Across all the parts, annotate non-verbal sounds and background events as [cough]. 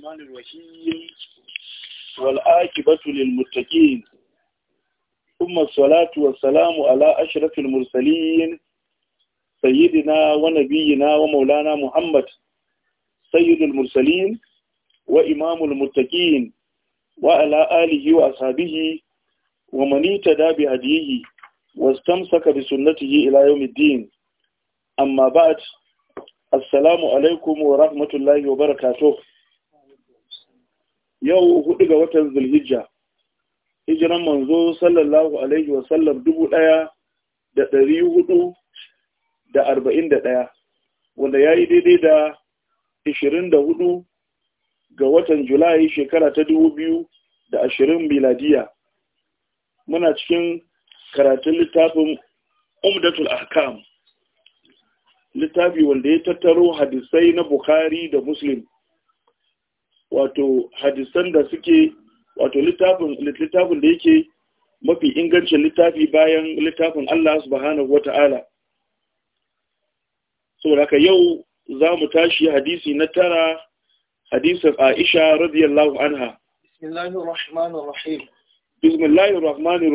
الرحمن الرحيم والآكبة للمتقين ثم الصلاة والسلام على أشرف المرسلين سيدنا ونبينا ومولانا محمد سيد المرسلين وإمام المتقين وعلى آله وأصحابه ومن اهتدى بهديه واستمسك بسنته إلى يوم الدين أما بعد Assalamu alaikum wa rahmatullahi wa barakatuh. yau hudu ga watan zulhijja hijiran manzo sallallahu alaihi wa sallam dubu daya da dari hudu da arba'in da daya wanda ya yi daidai da ishirin da hudu ga watan julai shekara ta dubu biyu da ashirin miladiya muna cikin karatun littafin umdatul ahkam littafi wanda ya tattaro hadisai na bukhari da muslim wato hadisan da suke wato littafin da yake mafi ingancin littafi bayan littafin Allah subhanahu wata'ala saboda ka yau za mu tashi hadisi na tara hadisin Aisha radiyallahu anha بسم الله الرحمن الرحيم rahmanir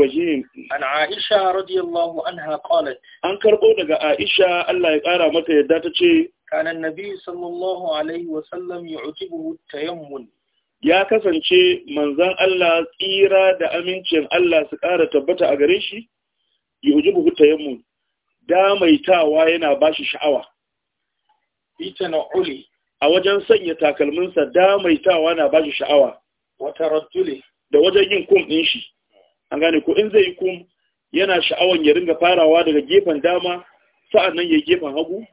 عائشه رضي الله عنها قالت ان an karbo daga Aisha Allah ya kara mata yadda ta ce كان النبي صلى الله عليه وسلم يعجبه التيمم ya kasance manzan Allah tsira da amincin Allah su ƙara tabbata a gare shi yi uji Da mai tawa yana ba shi sha'awa ita na uli a wajen sanya takalminsa tawa na ba shi sha'awa wata rattule da wajen yin kum din shi an gane ko in zai yi kum yana sha'awan ya ringa farawa daga gefen dama sa'an nan ya gefen hagu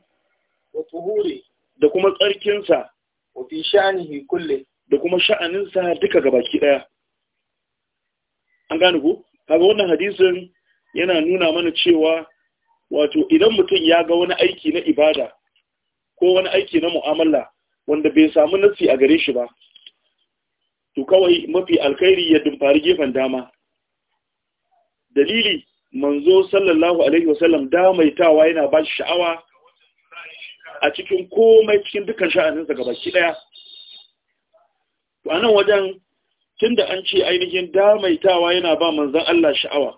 wa tuhuri da kuma tsarkinsa wa fi sha'anihi da kuma sha'aninsa duka gabaki daya an gane ku kaga wannan hadisin yana nuna mana cewa wato idan mutum ya ga wani aiki na ibada ko wani aiki na mu'amala wanda bai samu nasi a gare shi ba to kawai mafi alkhairi ya dumfari gefen dama dalili manzo sallallahu alaihi wasallam damaitawa yana ba shi sha'awa a cikin komai cikin dukkan sha'aninsa gabaki daya to anan wajen tunda an ce ainihin damaitawa yana ba manzon Allah sha'awa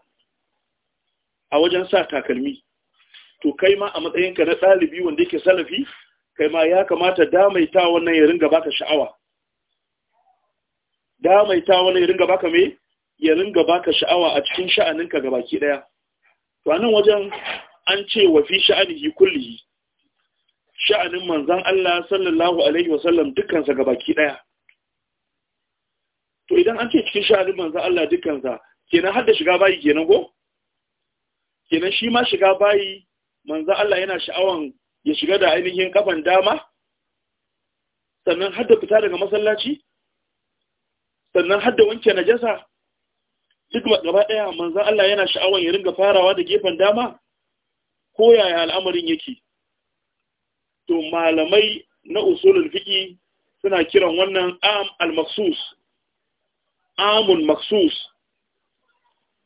a wajen sa takalmi to kai ma a matsayinka na ɗalibi wanda yake salafi kai ma ya kamata damaita wannan ya ringa baka sha'awa damaita wannan ya ringa baka me ya ringa baka sha'awa a cikin sha'aninka gabaki daya to anan wajen an ce wa fi sha'anihi kullihi sha'anin manzan Allah sallallahu alaihi wasallam dukansa ga baki ɗaya. To idan an ce cikin sha'anin manzan Allah dukansa, kenan har da shiga bayi kenan ko? Kenan shi ma shiga bayi manzan Allah yana sha'awan ya shiga da ainihin kafan dama, sannan har da fita daga masallaci, sannan har da wanke najasa, duk gaba ɗaya manzan Allah yana sha'awan ya ringa farawa da gefen dama, ko yaya al'amarin yake. to malamai na usulul fiqi suna kiran wannan am al-maksus amun maksus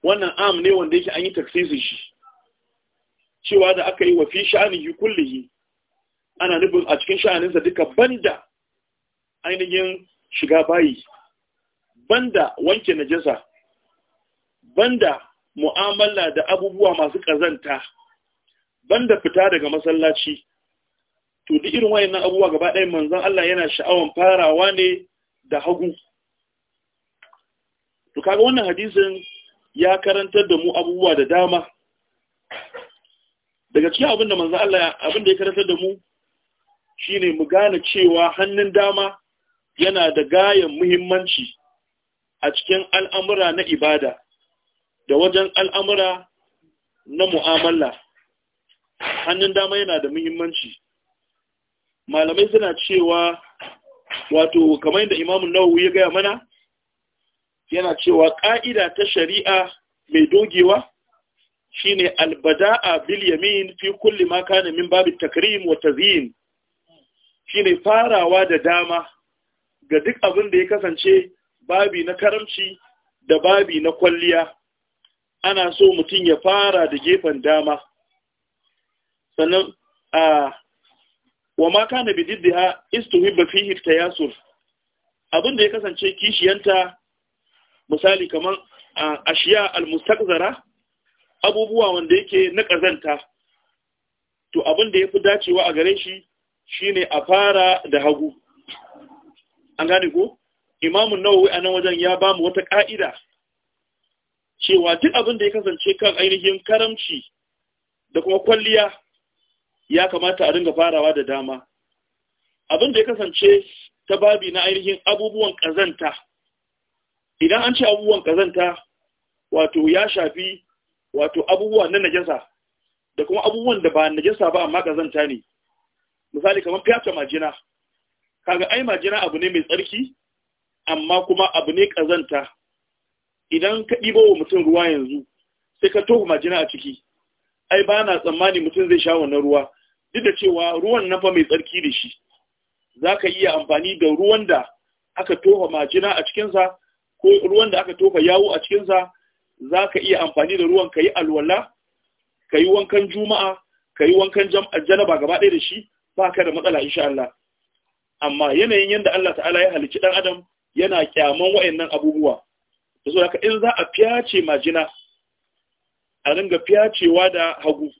wannan am ne wanda yake an yi taksisin shi cewa da aka yi wa fi sha'anihi kullihi ana nufin a cikin sha'aninsa duka banda ainihin shiga bayi banda wanke najasa banda mu'amala da abubuwa masu ƙazanta banda fita daga masallaci to duk irin wayannan abubuwa gaba ɗaya manzon Allah yana sha'awan farawa ne da hagu to kaga wannan hadisin ya karantar da mu abubuwa da dama daga cikin abin da manzon Allah abin da ya karantar da mu shine mu gane cewa hannun dama yana da gayan muhimmanci a cikin al'amura na ibada da wajen al'amura na mu'amala hannun dama yana da muhimmanci malamai suna cewa wato kamar da imamu Nawu ya gaya mana yana cewa ƙa'ida ta shari'a mai dogewa shine albada'a bil yamin fi kulli ma kana min babu takrim wa tazyin shine farawa da dama ga duk abin da ya kasance babi na karamci da babi na kwalliya ana so mutum ya fara da gefen dama sannan a wa ma kana bi diddiha istuhibba fihi tayasur abin da ya kasance kishiyanta misali kamar ashiya almustaqzara abubuwa wanda yake na kazanta to abin da yafi dacewa a gare shi shine a fara da hagu an gane ko imamu nawawi a nan wajen ya bamu wata ka'ida cewa duk abin da ya kasance kan ainihin karamci da kuma kwalliya ya kamata a ringa farawa da dama abin da ya kasance ta babi na ainihin abubuwan kazanta. idan an ce abubuwan kazanta wato ya shafi wato abubuwa na najasa da kuma abubuwan da ba najasa ba amma kazanta ne misali kamar fiyata majina kaga ai majina abu ne mai tsarki amma kuma abu ne kazanta. idan ka ɗibo wa mutum ruwa yanzu sai ka tofa majina a ciki ai ba na tsammani mutum zai sha wannan ruwa duk da cewa ruwan nan fa mai tsarki da shi za ka iya amfani da ruwan da aka tofa majina a cikinsa ko ruwan da aka tofa yawo a cikinsa za ka iya amfani da ruwan ka yi alwala ka yi wankan juma'a ka yi wankan janaba gaba ɗaya da shi ba ka da matsala insha Allah amma yanayin yadda Allah ta'ala ya halicci ɗan adam yana kyaman wa'annan abubuwa da saboda in za a fiyace majina a ringa fiyacewa da hagu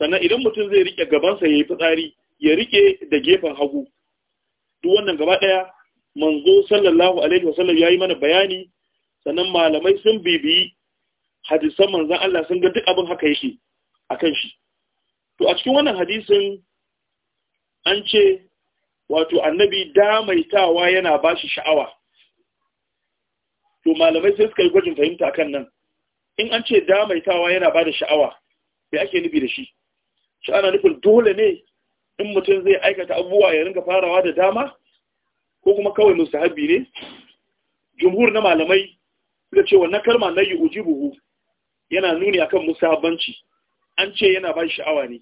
sannan idan mutum zai rike gabansa ya yi fitsari ya rike da gefen hagu duk wannan gaba ɗaya manzo sallallahu alaihi wasallam ya yi mana bayani sannan malamai sun bibiyi hadisan manzan Allah sun ga duk abin haka yake a kan shi to a cikin wannan hadisin an ce wato annabi damaitawa yana ba shi sha'awa to malamai sai suka yi gwajin fahimta akan nan in an ce damaitawa yana ba da sha'awa bai ake nufi da shi shi ana nufin dole ne in mutum zai aikata abubuwa ya ringa farawa da dama ko kuma kawai musu habi ne jumhur na malamai suka cewa na kalma na yi ujibuhu yana nuni akan habanci an ce yana ba sha'awa ne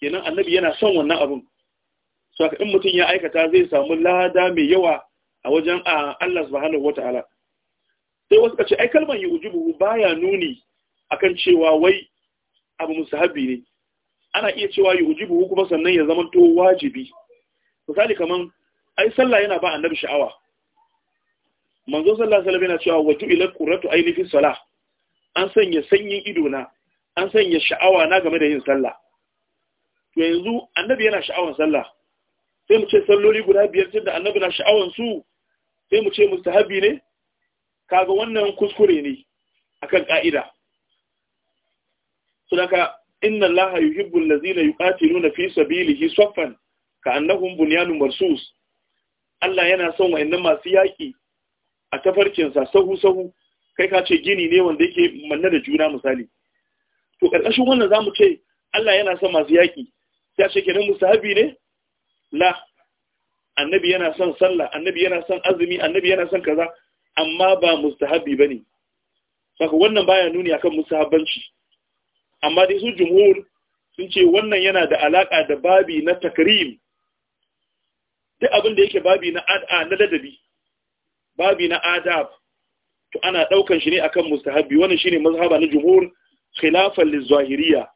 kenan annabi yana son wannan abun saka in mutum ya aikata zai samu lada mai yawa a wajen a Allah subhanahu ta'ala sai wasu kace ai kalman buhu baya nuni akan cewa wai abu musahabi ne ana iya cewa yujibu kuma sannan ya zama to wajibi misali kaman ai sallah yana ba annabi sha'awa manzo sallallahu alaihi wasallam yana cewa waju ila qurratu aini fi salah an sanya sanyin ido na an sanya sha'awa na game da yin sallah to yanzu annabi yana sha'awar sallah sai mu ce salloli guda biyar tunda annabi na sha'awar su sai mu ce mustahabi ne kaga wannan kuskure ne akan ka'ida saboda inna laha yuhibbu allazina yuqatiluna fi sabilihi saffan ka'annahum bunyanun marsus Allah yana son wa'annan masu yaki a tafarkin sa sahu sahu kai ka ce gini ne wanda yake manne da juna misali to karkashin wannan zamu ce Allah yana son masu yaki ya ce kenan musahabi ne la annabi yana son sallah annabi yana son azumi annabi yana son kaza amma ba mustahabi bane saka wannan baya nuni akan musahabanci amma dai su jumhur sun ce wannan yana da alaƙa da babi na takrim duk abin da yake babi na ad'a na ladabi babi na adab to ana ɗaukan shi ne akan mustahabbi wannan shine mazhaba na jumhur khilafan lizahiriya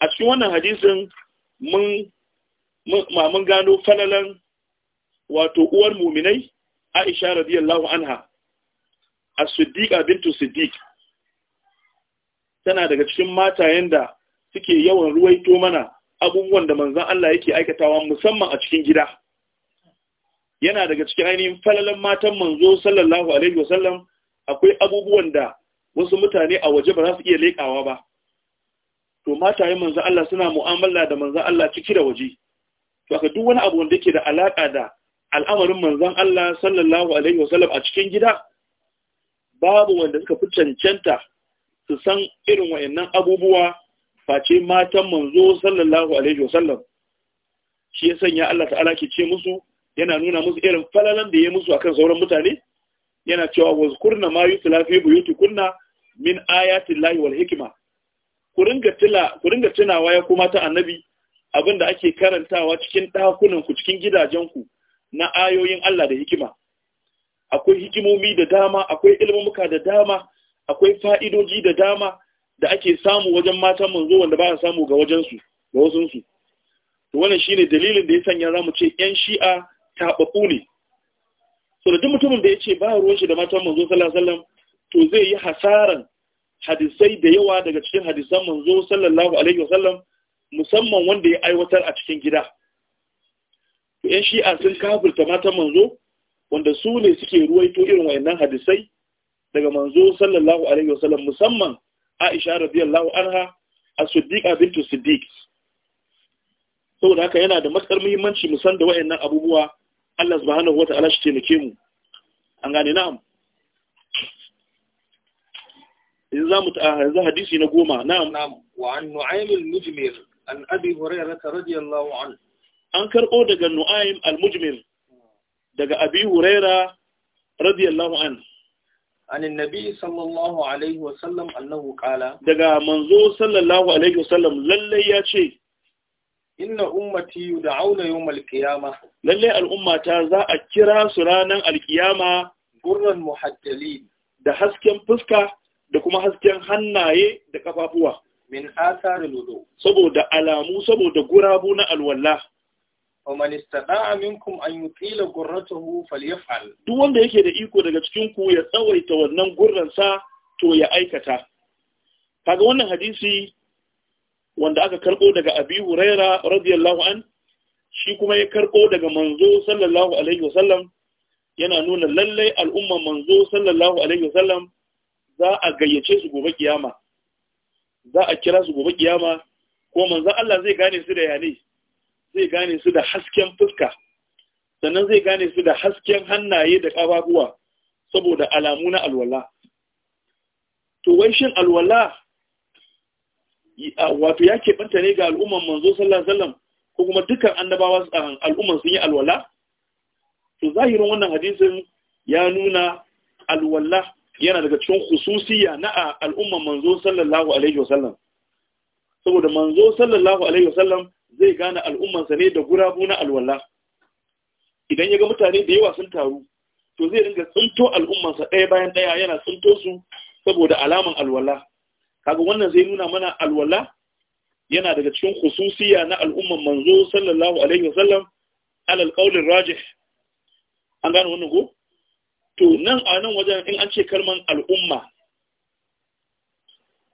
a cikin wannan hadisin mun mun gano falalan wato uwar muminai Aisha radiyallahu anha as-Siddiqa bintu Siddiq tana daga cikin matayen da suke yawan ruwaito mana abubuwan da manzan Allah yake aikatawa musamman a cikin gida yana daga cikin ainihin falalan matan manzo sallallahu alaihi wasallam akwai abubuwan da wasu mutane a waje ba za su iya leƙawa ba to matayen manzan Allah suna mu'amala da manzan Allah ciki da waje to aka duk wani abu wanda yake da alaƙa da al'amarin manzan Allah sallallahu alaihi wasallam a cikin gida babu wanda suka fi cancanta su san irin wayannan abubuwa face matan manzo sallallahu alaihi wasallam shi ya sanya Allah ta'ala ke ce musu yana nuna musu irin falalan da ya musu akan sauran mutane yana cewa wazkurna ma yutla fi buyutikunna min ayati llahi wal hikma ku ringa tila ku ringa tunawa ya kuma ta annabi abinda ake karantawa cikin dakunan ku cikin gidajen ku na ayoyin Allah da hikima akwai hikimomi da dama akwai ilmumuka da dama akwai fa'idoji da dama da ake samu wajen matan manzo wanda ba a samu ga wajensu ga wasunsu to wannan shine dalilin da ya sanya zamu ce yan shi'a ta taɓaɓu ne so da duk mutumin da ya ce ba ruwan shi da matan manzo sallallahu alaihi to zai yi hasaran hadisai da yawa daga cikin hadisan manzo sallallahu alaihi wasallam musamman wanda ya aiwatar a cikin gida to yan shi'a sun kafirta matan manzo wanda su ne suke ruwaito irin wa'annan hadisai daga manzo sallallahu alaihi wasallam musamman Aisha radiyallahu anha as-Siddiqa bintu Siddiq saboda haka yana da matsar muhimmanci mu san da wayannan abubuwa Allah subhanahu wata'ala shi taimake mu an gane na'am za mu ta yanzu hadisi na goma na'am na'am wa an Nu'aym al-Mujmir an Abi Hurairah radiyallahu anhu an karbo daga Nu'aym al-Mujmir daga Abi Hurairah radiyallahu anhu anin nabi sallallahu alaihi wasallam annahu qala daga manzo sallallahu alaihi wasallam lalle ya ce inna ummati yud'auna yawmal qiyamah lalle al'ummata za a kira su ranar alkiyama gurran muhaddali. da hasken fuska da kuma hasken hannaye da kafafuwa min asarul wudu saboda alamu saboda gurabu na alwala ومن استطاع منكم ان يطيل قرته فليفعل duk wanda yake da iko daga cikin ku ya tsawaita wannan gurran sa to ya aikata kaga wannan hadisi wanda aka karbo daga Abi Huraira radiyallahu an shi kuma ya karbo daga manzo sallallahu alaihi wasallam yana nuna lallai al'umman manzo sallallahu alaihi wasallam za a gayyace su gobe kiyama za a kira su gobe kiyama ko manzo Allah zai gane su da yanayi zai gane su da hasken fuska sannan zai gane su da hasken hannaye da ƙafafuwa saboda alamu na alwala to wai shin alwala wato ya keɓanta ne ga al'umman manzo sallallahu alaihi wasallam ko kuma dukkan annabawa al'umman sun yi alwala to zahirin wannan hadisin ya nuna alwala yana daga cikin hususiya na al'umman manzo sallallahu alaihi wasallam saboda manzo sallallahu alaihi wasallam zai gane al'ummansa ne da gurabu na alwala idan ya ga mutane da yawa sun taru to zai ringa tsinto al'ummansa ɗaya bayan ɗaya yana tsinto su saboda alaman alwala kaga wannan zai nuna mana alwala yana daga cikin khususiya na al'umman manzo sallallahu alaihi wasallam alal qawlin rajih an gane wannan ko to nan a nan wajen in an ce kalman al'umma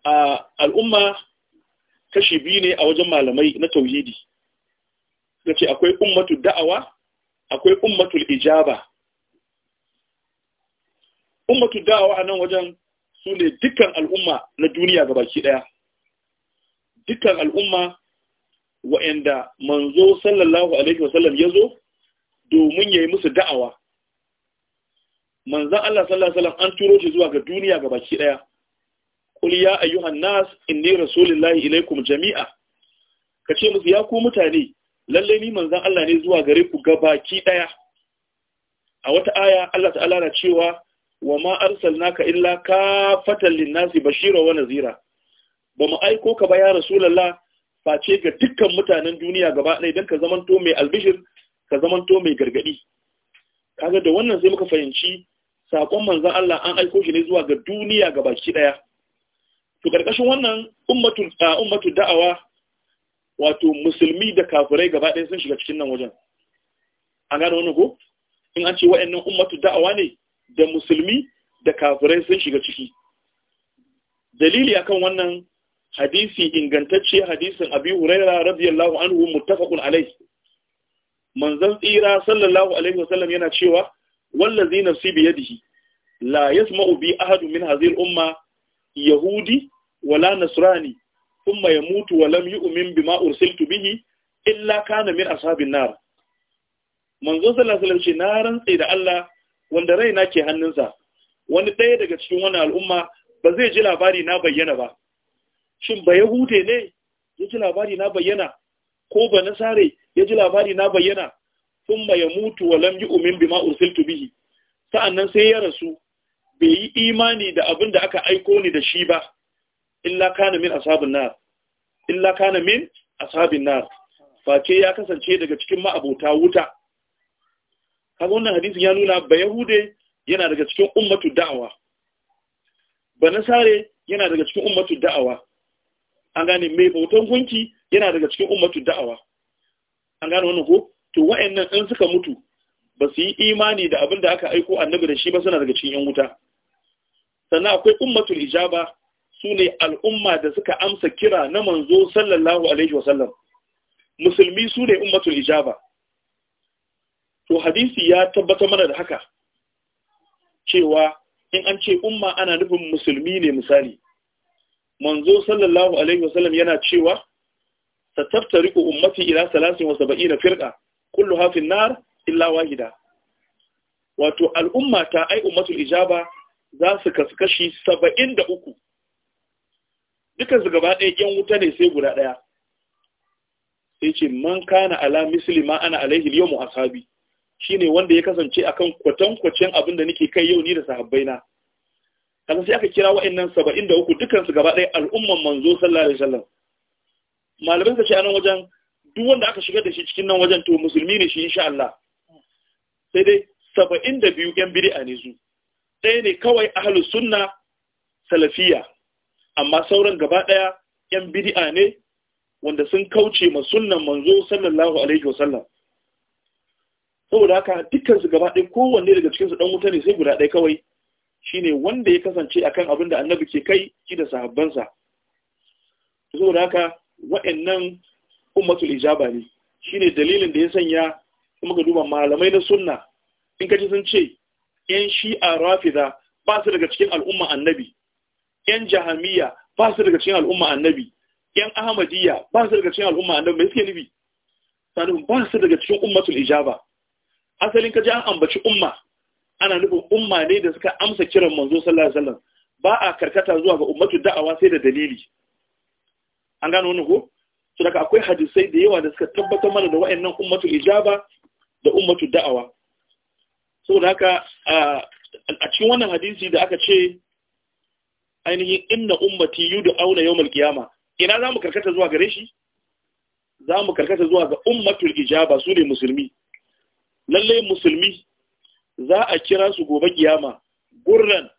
a al'umma kashi biyu ne a wajen malamai na tauhidi Ya ce akwai ummatu da'awa akwai ummatul ijaba ummatu da'awa a nan wajen su ne dukkan al'umma na duniya ga baki ɗaya dukkan al'umma wa'anda manzo sallallahu alaihi wasallam ya zo domin ya yi musu da'awa manzan Allah sallallahu alaihi wasallam an turo shi zuwa ga duniya ga baki ɗaya qul ya ayyuhan nas inni rasulullahi ilaikum jami'a kace musu ya ku mutane lalle ni manzan Allah ne zuwa gare ku gabaki daya a wata aya Allah ta'ala na cewa wa ma arsalnaka illa kafatan lin-nasi bashira wa nazira ba mu aiko ka ba ya rasulullah face ga dukkan mutanen duniya gaba ɗaya don ka zamanto mai albishir ka zamanto mai gargadi. kaga da wannan sai muka fahimci sakon manzan Allah an aiko shi ne zuwa ga duniya gaba ki ɗaya to karkashin wannan ummatul ummatul da'awa wato musulmi da kafirai gaba ɗaya sun shiga cikin nan wajen an gane wannan ko in an ce wa'annan ummatul da'awa ne da musulmi da kafirai sun shiga ciki dalili akan wannan hadisi ingantacce hadisin abi huraira radiyallahu anhu muttafaqun alayhi manzon tsira sallallahu alaihi wasallam yana cewa wallazi nafsi bi yadihi la yasma'u bi ahadu min hadhihi al-umma yahudi wala nasrani thumma yamutu wa lam yu'min bima ursiltu bihi illa kana min ashabin nar manzo sallallahu alaihi wasallam na rantse da Allah wanda raina ke hannunsa wani ɗaya daga cikin wani al'umma ba zai ji labari na bayyana ba shin ba yahude ne ya ji labari na bayyana ko ba nasare ya ji labari na bayyana thumma yamutu wa lam yu'min bima ursiltu bihi sa'annan sai ya rasu bai yi imani da abin da aka aiko ni da shi ba illa kana min ashabin nar illa kana min ashabin nar face ya kasance daga cikin ma'abota wuta kaga wannan hadisin ya nuna ba yahude yana daga cikin ummatu da'awa ba nasare yana daga cikin ummatu da'awa an gane mai bautan gunki yana daga cikin ummatu da'awa an gane wannan ko to wa'annan in suka mutu ba su yi imani da abin da aka aiko annabi da shi ba suna daga cikin yan wuta sannan akwai ummatul ijaba su ne al'umma da suka amsa kira na manzo sallallahu alaihi wasallam musulmi su ne ummatul ijaba to hadisi ya tabbata mana da haka cewa in an ce umma ana nufin musulmi ne misali manzo sallallahu alaihi wasallam yana cewa ku ummati ila 73 firqa kulluha fi nar illa wahida wato al'umma ta ai ummatul ijaba za su kasu kashi saba'in da uku su gaba ɗaya yan wuta ne sai guda ɗaya sai ce man kana ala misli ma ana alaihi yau mu ashabi ne wanda ya kasance akan kwatankwacin abin da nake kai yau ni da sahabbaina kaza sai aka kira wa'annan uku dukan su gaba ɗaya al'umman manzo sallallahu alaihi wasallam malamin sa ce anan wajen duk wanda aka shigar da shi cikin nan wajen to musulmi ne shi insha Allah sai dai saba'in da biyu, yan bid'a ne su ɗaya ne kawai ahalus sunna salafiya amma sauran gaba ɗaya yan bid'a ne wanda sun kauce ma sunnan manzo sallallahu alaihi wasallam saboda haka dukkan su gaba ɗaya kowanne daga cikin su dan wuta ne sai guda ɗaya kawai shine wanda ya kasance akan abin da annabi ke kai shi da sahabbansa saboda haka wa'annan ummatul ijaba ne shine dalilin da ya sanya kuma ka duba malamai na sunna in kaji sun ce ‘yan shi'a rafida ba su daga cikin al'umma annabi, ‘yan jahamiya ba su daga cikin al'umma annabi, ‘yan ahmadiyya ba su daga cikin al'umma annabi mai suke nufi, sanin ba su daga cikin ummatul ijaba. Asalin ka ji an ambaci umma, ana nufin umma ne da suka amsa kiran manzo sallallahu alaihi wasallam ba a karkata zuwa ga ummatul da'awa sai da dalili. An gano wannan ko? To daga akwai hadisai da yawa da suka tabbatar mana da wa'annan ummatul ijaba da ummatul da'awa. so da haka a cikin wannan hadisi da aka ce ainihin inna ummati auna yawmal qiyama ina zamu karkata zuwa gare shi zamu karkata zuwa ga ummatul ijaba su ne musulmi lalle musulmi za a kira su gobe kiyama gurran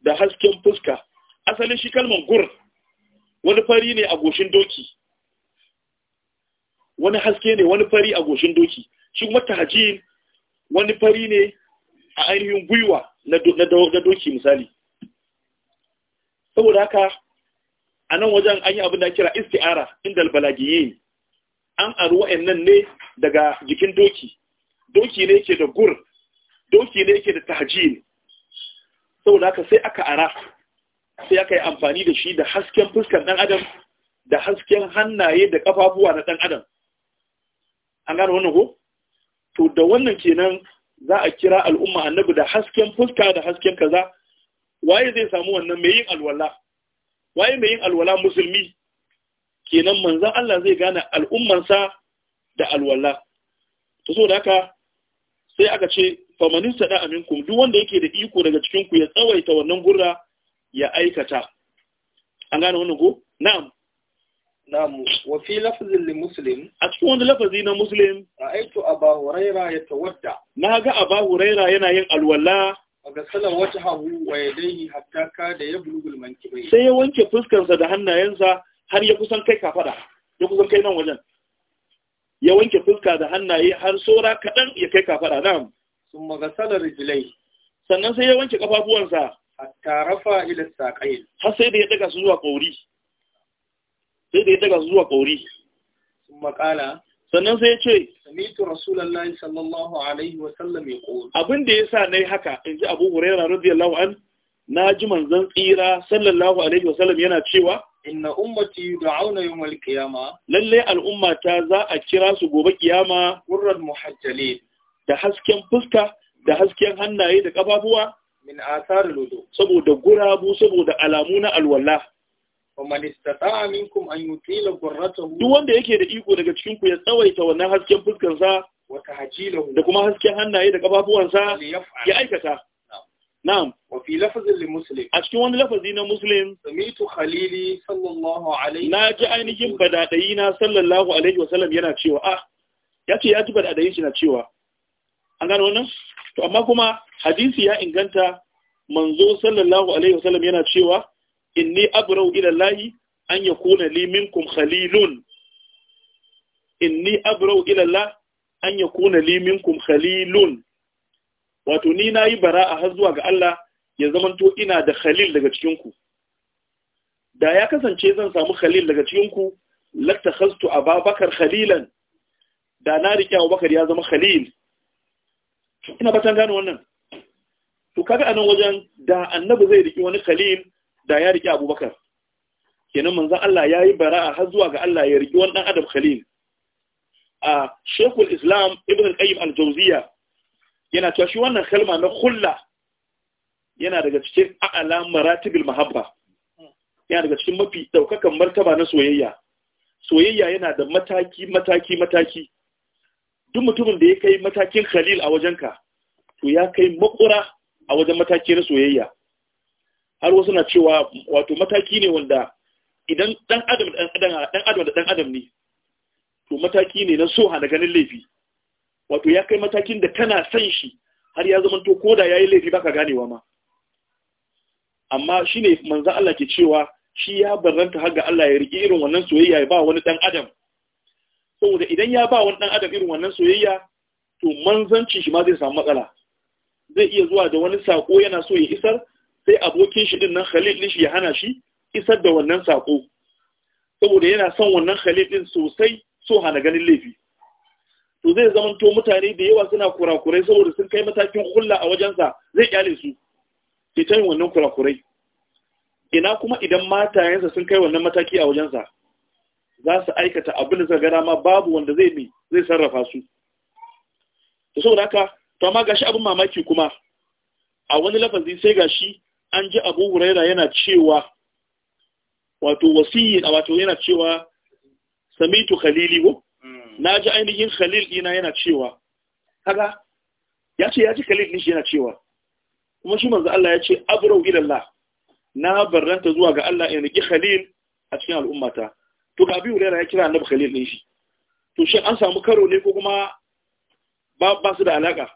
da hasken fuska asalin shi kalmar gur wani fari ne a goshin doki wani haske ne wani fari a goshin doki shi kuma tahajin wani fari ne a ainihin gwiwa na doki misali saboda haka a nan wajen an yi abin da kira isti'ara inda albalagiye an yan nan ne daga jikin doki doki ne ke da gur doki ne ke da tahajin saboda haka sai aka ara sai aka yi amfani da shi da hasken fuskar ɗan adam da hasken hannaye da ƙafafuwa na ɗan adam an gano wannan ko to da wannan kenan za a kira al'umma annabi da hasken fuska da hasken kaza waye zai samu wannan mai yin alwala waye mai yin alwala musulmi kenan manzon Allah zai gane al'ummansa da alwala to so da haka sai aka ce famanin sada aminkum duk wanda yake da iko daga cikin ku ya tsawaita wannan gurra ya aikata an gane wannan ko na'am Namu, wa fi lafazin li Muslim. A cikin wani lafazi na Muslim. Ra'aitu Aba Huraira ya tawadda. Na ga Aba Huraira yana yin alwala. Ga salar wata hagu wa dai hatta ka da ya gulman mankibai. Sai ya wanke fuskarsa da hannayensa har ya kusan kai kafada, ya kusan kai nan wajen. Ya wanke fuska da hannaye har saura kadan ya kai kafada nan. Sun maga salar rijilai. Sannan sai ya wanke ƙafafuwansa. Hatta rafa ila saƙayin. Har sai da ya ɗaga su zuwa ƙauri. sai da ya daga zuwa ƙori makala sannan sai ya ce samitu rasulullahi sallallahu alaihi wa sallam ya qul abin da yasa nayi haka inji Abu Hurairah radiyallahu an na ji manzon tsira sallallahu alaihi wa sallam yana cewa inna ummati yud'auna yawmal qiyama lalle al'umma ta za a kira su gobe kiyama qurran muhajjalin da hasken fuska da hasken hannaye da kafafuwa min da wudu saboda gurabu saboda alamu na alwala ومن استطاع منكم يطيل duk wanda yake da iko daga cikin ku ya tsawaita wannan hasken fuskar sa da kuma hasken hannaye da kafafuwan sa ya aikata na'am wa fi lafazin li muslim a cikin wani lafazi na muslim samitu khalili sallallahu alaihi na ji ainihin badadayi na sallallahu alaihi wa sallam yana cewa ah ce ya ji badadayin shi na cewa an gano wannan to amma kuma hadisi ya inganta manzo sallallahu alaihi wa sallam yana cewa inni abrau ila lahi an kuna li minkum khalilun inni abrau ila Allah an yakuna li minkum khalilun wato ni nayi bara'a har zuwa ga Allah ya zamanto ina da khalil daga cikin ku da ya kasance zan samu khalil daga cikin ku lattakhastu ababakar khalilan da na rike abubakar ya zama khalil ina batan gano wannan to kaga anan wajen da annabi zai riki wani khalil da ya riƙe abubakar kenan manzan Allah ya yi bara'a har zuwa ga Allah ya riƙe wani ɗan adam khalil a shekul islam ibn al-qayyim al-jawziya yana cewa shi wannan kalma na khulla yana daga cikin a'ala maratibul mahabba yana daga cikin mafi daukakan martaba na soyayya soyayya yana da mataki mataki mataki duk mutumin da ya kai matakin khalil a wajenka to ya kai makura a wajen mataki na soyayya har wasu na cewa wato mataki ne wanda idan dan adam dan adam da dan adam ne to mataki ne na so hana ganin laifi wato ya kai matakin da kana san shi har ya zama to koda yayi laifi baka ganewa ma amma shine manzo Allah ke cewa shi ya barranta har ga Allah ya rike irin wannan soyayya ya ba wani dan adam saboda idan ya ba wani dan adam irin wannan soyayya to manzanci shi ma zai samu matsala zai iya zuwa da wani sako yana so ya isar sai abokin shi din nan Khalid din shi ya hana shi isar da wannan sako saboda yana son wannan Khalid din sosai so hana ganin laifi to zai zama to mutane da yawa suna kurakurai saboda sun kai matakin kulla a wajensa zai kyale su sai ta yin wannan kurakurai ina kuma idan matayensa sun kai wannan mataki a wajensa za su aikata abin da gara ma babu wanda zai mi zai sarrafa su to saboda haka to amma gashi abin mamaki kuma a wani lafazi sai gashi an ji abu huraira yana cewa wato a wato yana cewa samitu khalili ko hmm. na ji ainihin khalil dina yana cewa kaga ya ce ya ji khalil din shi yana cewa kuma shi manzo Allah ya ce abrau ila Allah na barranta zuwa ga Allah in riki khalil a cikin al'ummata to ga huraira ya kira annabi khalil din shi to shi an samu karo ne ko kuma ba ba su da alaka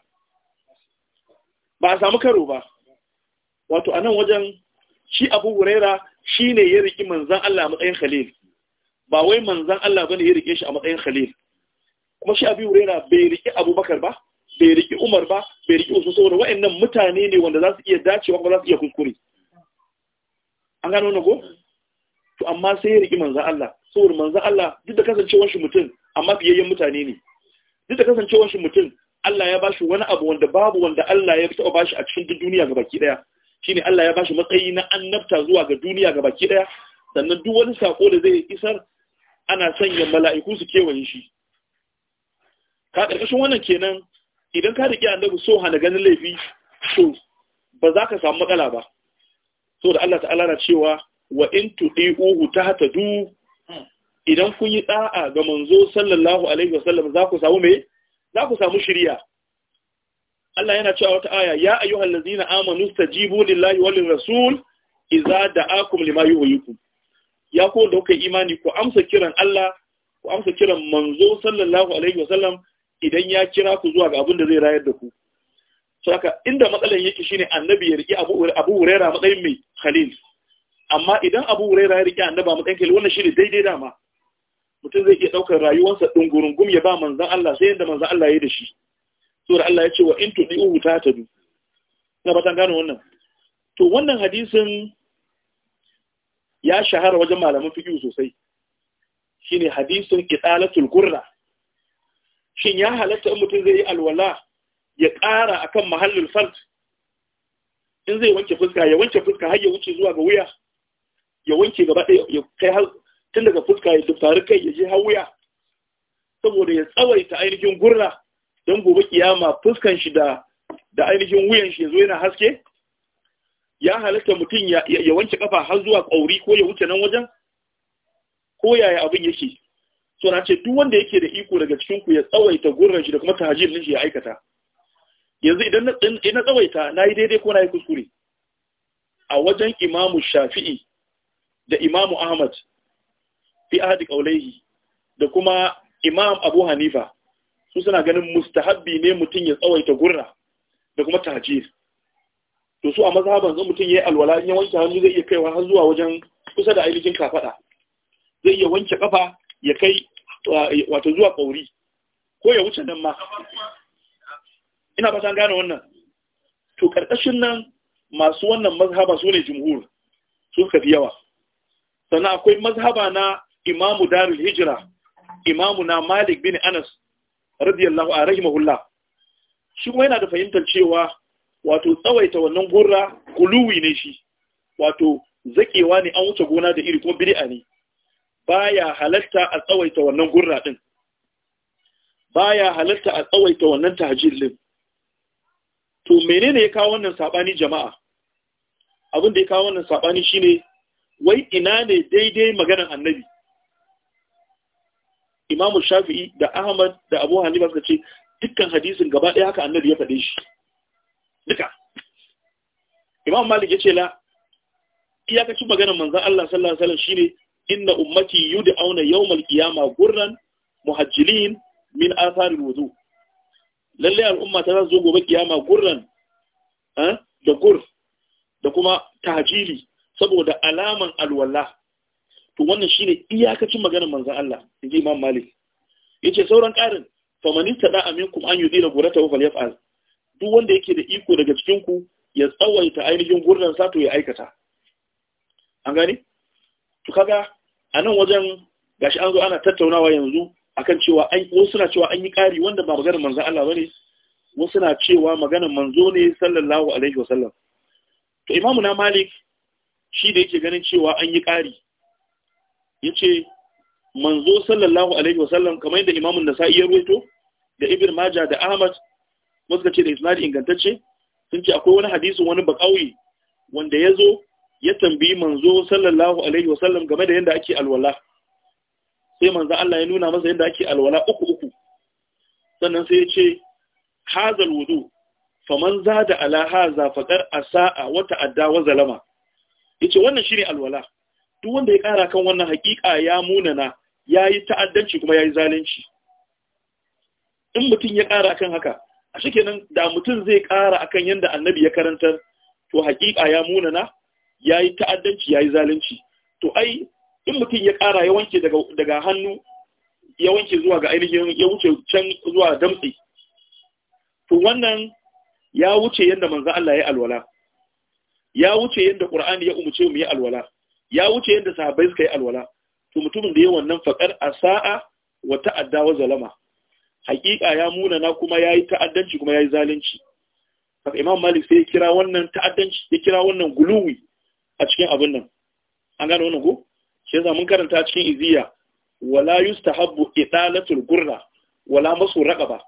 ba samu karo ba wato anan wajen shi abu huraira shi ne ya riƙi manzan Allah a matsayin khalil ba wai manzan Allah ba ne ya riƙe shi a matsayin khalil kuma shi abu huraira bai riƙi abubakar ba bai riƙi umar ba bai riƙi usman saboda wa'annan mutane ne wanda za su iya dacewa kuma za su iya kuskure an gano na ko to amma sai ya riƙi manzan Allah saboda manzan Allah duk da kasancewar shi mutum amma fiyayyen mutane ne duk da kasancewar shi mutum Allah ya bashi wani abu wanda babu wanda Allah ya taɓa shi a cikin duk duniya baki ɗaya shine Allah ya bashi matsayi na annabta zuwa ga duniya ga baki daya sannan duk wani sako da zai isar ana sanya mala'iku su kewaye shi ka karkashin wannan kenan idan ka riƙe annabi so hana ganin laifi to ba za ka samu matsala ba so da Allah ta'ala na cewa wa in tudi'uhu tahtadu idan kun yi da'a ga manzo sallallahu alaihi wasallam za ku samu me za ku samu shiriya Allah yana cewa wata aya ya ayyuhal ladzina amanu stajibu lillahi wal rasul idza da'akum lima yuhyikum ya ko da kuka imani ku amsa kiran Allah ku amsa kiran manzo sallallahu alaihi wasallam idan ya kira ku zuwa ga abin da zai rayar da ku saka inda matsalan yake shine annabi ya riki Abu Abu Huraira matsayin mai khalil amma idan Abu Huraira ya riki annaba matsayin khalil wannan shine daidai dama mutum zai iya daukar rayuwarsa dungurungum ya ba manzon Allah sai yanda manzon Allah ya yi da shi sura Allah ya ce wa in tudi'uhu tahtadu na fatan gano wannan to wannan hadisin ya shahara wajen malaman fiqh sosai shine hadisin qitalatul gurra shin ya halatta in mutum zai yi alwala ya ƙara akan mahallul fard in zai wanke fuska ya wanke fuska har ya wuce zuwa ga wuya ya wanke gaba ɗaya ya kai har tun daga fuska ya tufari kai ya je har wuya saboda ya tsawaita ainihin gurra don gobe kiyama fuskan shi da da ainihin wuyan shi yazo yana haske ya halatta mutum ya wanke kafa har zuwa kauri ko ya wuce nan wajen ko yaya abin yake so na ce duk wanda yake da iko daga cikin ku ya tsawaita gurin shi da kuma tahajjud din shi ya aikata yanzu idan na tsawaita na yi daidai ko na kuskure a wajen imamu shafi'i da imamu ahmad fi ahadi kaulaihi da kuma imam abu hanifa su suna ganin mustahabbi ne mutum ya tsawaita gurra da kuma tajir to su a mazhaban zan mutum ya yi alwala in ya wanke hannu zai iya kaiwa har zuwa wajen kusa da ainihin kafada zai iya wanke kafa ya kai eh, wato zuwa kauri ko ya wuce nan ma ina fatan gane wannan to karkashin nan masu wannan mazhaba su ne jumhur su suka fi yawa sannan akwai mazhaba na imamu darul hijira imamu na malik bin anas radiyallahu a rahimahullah shi kuma yana da fahimtar cewa wato tsawaita wannan gurra kuluwi ne shi wato zakewa ne an wuce gona da iri kuma bid'a ne baya halatta a tsawaita wannan gurra din baya halatta a tsawaita wannan tahajjud din to menene ya kawo wannan sabani jama'a abin da ya kawo wannan sabani shine wai ina ne daidai maganar annabi imamu shafi'i da ahmad da abu hanifa suka ce dukkan hadisin gaba ɗaya haka annabi ya faɗe shi duka imam malik ya ce la iyakacin maganar manzan allah sallallahu alaihi wasallam shine inna ummati yud'auna yawmal qiyama gurran muhajjilin min atharil wudu lalle al'umma ta zo gobe kiyama gurran eh, da gur da kuma tahjili saboda alaman alwala to wannan shine iyakacin maganar manzon Allah inji Imam Malik yace sauran ƙarin man yata'a aminkum an yudila gurata wa falyaf'al duk wanda yake da iko daga cikin ku ya tsawaita ainihin gurnan sa to ya aikata an gani, to kaga anan wajen gashi an zo ana tattaunawa yanzu akan cewa an wasu na cewa an yi ƙari wanda ba maganar manzon Allah bane wasu na cewa maganar manzo ne sallallahu alaihi wasallam to imamu na malik shi da yake ganin cewa an yi ƙari yace manzo sallallahu alaihi wasallam kamar yadda Imam nasai ya rawaito da Ibn Majah da Ahmad wasu ce da isnad ingantacce sun ce akwai wani hadisi wani bakawi wanda ya zo ya tambayi manzo sallallahu alaihi wasallam game da yanda ake alwala sai manzo Allah ya nuna masa yadda ake alwala uku uku sannan sai ya ce hazal wudu faman zada ala haza faqar asaa wa ta'adda wa zalama yace wannan shine alwala duk wanda ya ƙara kan wannan haƙiƙa ya munana ya yi ta'addanci kuma ya yi zalunci in mutum ya ƙara kan haka a shi kenan da mutum zai ƙara akan yadda annabi ya karantar to haƙiƙa ya munana ya yi ta'addanci ya yi zalunci to ai in mutum ya ƙara ya wanke daga hannu ya wanke zuwa ga ainihin ya wuce can zuwa damtse to wannan ya wuce yadda manzo Allah ya alwala ya wuce yadda Qur'ani ya umuce mu ya alwala ya wuce yadda sahabbai suka yi alwala to mutumin da ya wannan faƙar a sa'a wa ta'adda wa zalama haƙiƙa ya muna na kuma ya yi ta'addanci kuma ya yi zalunci Kaka imam malik sai ya kira wannan ta'addanci ya kira wannan guluwi a cikin abin nan an gane wannan ko shi yasa mun karanta cikin iziya wala yustahabbu italatul gurra wala masu raqaba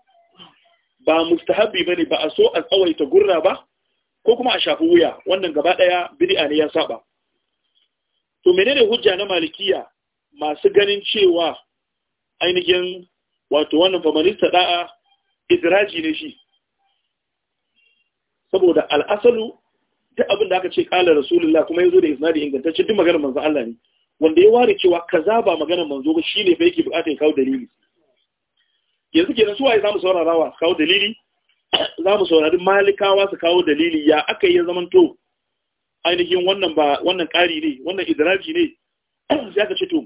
ba mustahabbi bane ba a so a tsawaita gurra ba ko kuma a shafi wuya wannan gaba daya bid'a ne ya saba to menene hujja na malikiya masu ganin cewa ainihin wato wannan famanista da'a idraji ne shi saboda al'asalu ta abin da aka ce kala rasulullah kuma ya zo da isnadi ingantacce duk maganar manzo Allah ne wanda ya ware cewa kaza ba maganar manzo ba shine fa yake bukatar ya kawo dalili yanzu ke su waye zamu saurarawa su kawo dalili zamu saurari malikawa su kawo dalili ya aka yi zamanto ainihin wannan ba wannan ƙari ne wannan idraji ne [clears throat] sai aka ce to